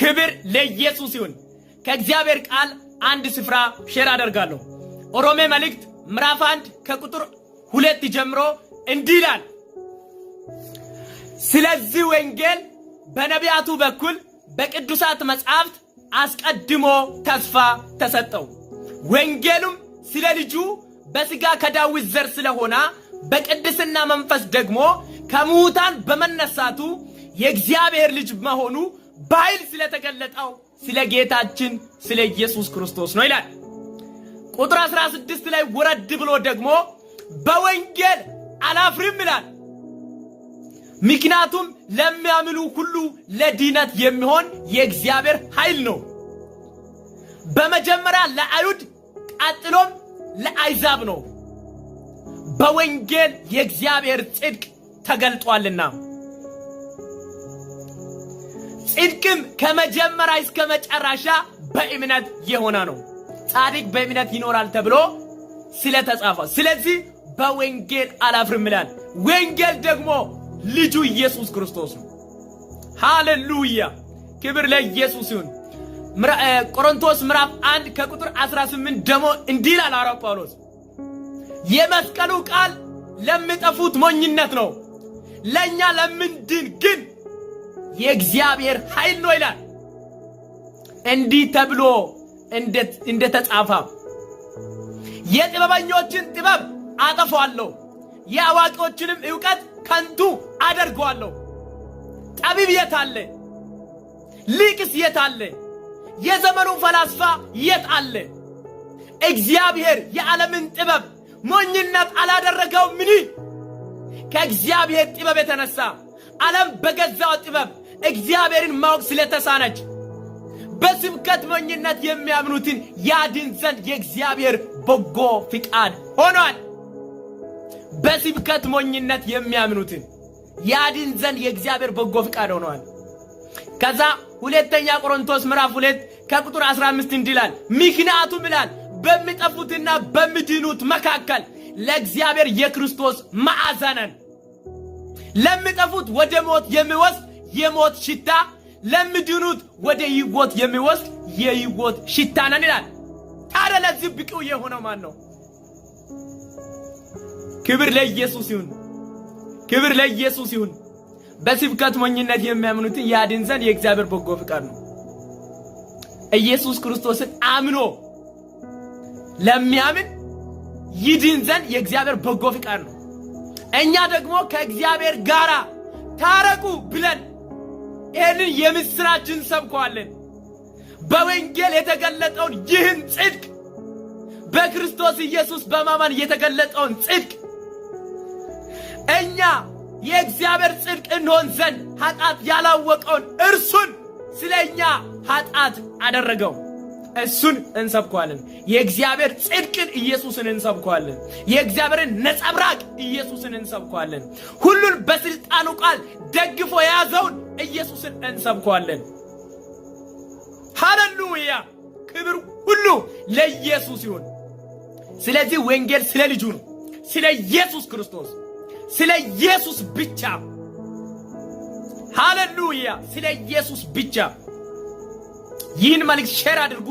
ክብር ለኢየሱስ ይሁን። ከእግዚአብሔር ቃል አንድ ስፍራ ሼር አደርጋለሁ። ኦሮሜ መልእክት ምዕራፍ አንድ ከቁጥር ሁለት ጀምሮ እንዲህ ይላል፣ ስለዚህ ወንጌል በነቢያቱ በኩል በቅዱሳት መጻሕፍት አስቀድሞ ተስፋ ተሰጠው። ወንጌሉም ስለ ልጁ በሥጋ ከዳዊት ዘር ስለሆነ በቅድስና መንፈስ ደግሞ ከሙታን በመነሳቱ የእግዚአብሔር ልጅ መሆኑ በኃይል ስለተገለጠው ስለ ጌታችን ስለ ኢየሱስ ክርስቶስ ነው ይላል። ቁጥር 16 ላይ ወረድ ብሎ ደግሞ በወንጌል አላፍርም ይላል። ምክንያቱም ለሚያምኑ ሁሉ ለድነት የሚሆን የእግዚአብሔር ኃይል ነው። በመጀመሪያ ለአይሁድ ቀጥሎም ለአይዛብ ነው። በወንጌል የእግዚአብሔር ጽድቅ ተገልጧልና ጽድቅም ከመጀመሪያ እስከ መጨረሻ በእምነት የሆነ ነው። ጻድቅ በእምነት ይኖራል ተብሎ ስለተጻፈ፣ ስለዚህ በወንጌል አላፍርም ይላል። ወንጌል ደግሞ ልጁ ኢየሱስ ክርስቶስ ነው። ሃሌሉያ! ክብር ለኢየሱስ ይሁን። ቆሮንቶስ ምዕራፍ 1 ከቁጥር 18 ደግሞ እንዲህ ይላል ጳውሎስ የመስቀሉ ቃል ለሚጠፉት ሞኝነት ነው፣ ለእኛ ለምንድን ግን የእግዚአብሔር ኃይል ነው ይላል። እንዲህ ተብሎ እንደተጻፈ የጥበበኞችን ጥበብ አጠፋለሁ፣ የአዋቂዎችንም ዕውቀት ከንቱ አደርገዋለሁ። ጠቢብ የት አለ? ሊቅስ የት አለ? የዘመኑ ፈላስፋ የት አለ? እግዚአብሔር የዓለምን ጥበብ ሞኝነት አላደረገው ምን? ከእግዚአብሔር ጥበብ የተነሳ ዓለም በገዛው ጥበብ እግዚአብሔርን ማወቅ ስለተሳነች በስብከት ሞኝነት የሚያምኑትን ያድን ዘንድ የእግዚአብሔር በጎ ፍቃድ ሆኗል። በስብከት ሞኝነት የሚያምኑትን ያድን ዘንድ የእግዚአብሔር በጎ ፍቃድ ሆኗል። ከዛ ሁለተኛ ቆሮንቶስ ምዕራፍ ሁለት ከቁጥር 15 እንዲላል ምክንያቱም ይላል በሚጠፉትና በሚድኑት መካከል ለእግዚአብሔር የክርስቶስ መዓዛ ነን። ለሚጠፉት ወደ ሞት የሚወስድ የሞት ሽታ ለሚድኑት ወደ ሕይወት የሚወስድ የሕይወት ሽታ ነን ይላል። ታዲያ ለዚህ ብቁ የሆነው ማን ነው? ክብር ለኢየሱስ ይሁን። ክብር ለኢየሱስ ይሁን። በስብከት ሞኝነት የሚያምኑትን ያድን ዘንድ የእግዚአብሔር በጎ ፍቃድ ነው። ኢየሱስ ክርስቶስን አምኖ ለሚያምን ይድን ዘንድ የእግዚአብሔር በጎ ፍቃድ ነው። እኛ ደግሞ ከእግዚአብሔር ጋራ ታረቁ ብለን ይህንን የምሥራች እንሰብከዋለን። በወንጌል የተገለጠውን ይህን ጽድቅ በክርስቶስ ኢየሱስ በማማን የተገለጠውን ጽድቅ እኛ የእግዚአብሔር ጽድቅ እንሆን ዘንድ ኃጢአት ያላወቀውን እርሱን ስለ እኛ ኃጢአት አደረገው። እሱን እንሰብከዋለን። የእግዚአብሔር ጽድቅን ኢየሱስን እንሰብከዋለን። የእግዚአብሔርን ነጸብራቅ ኢየሱስን እንሰብከዋለን። ሁሉን በስልጣኑ ቃል ደግፎ የያዘውን ኢየሱስን እንሰብኳለን። ሃሌሉያ! ክብር ሁሉ ለኢየሱስ ይሁን። ስለዚህ ወንጌል ስለ ልጁ ነው፣ ስለ ኢየሱስ ክርስቶስ፣ ስለ ኢየሱስ ብቻ። ሃሌሉያ! ስለ ኢየሱስ ብቻ። ይህን መልእክት ሼር አድርጉ።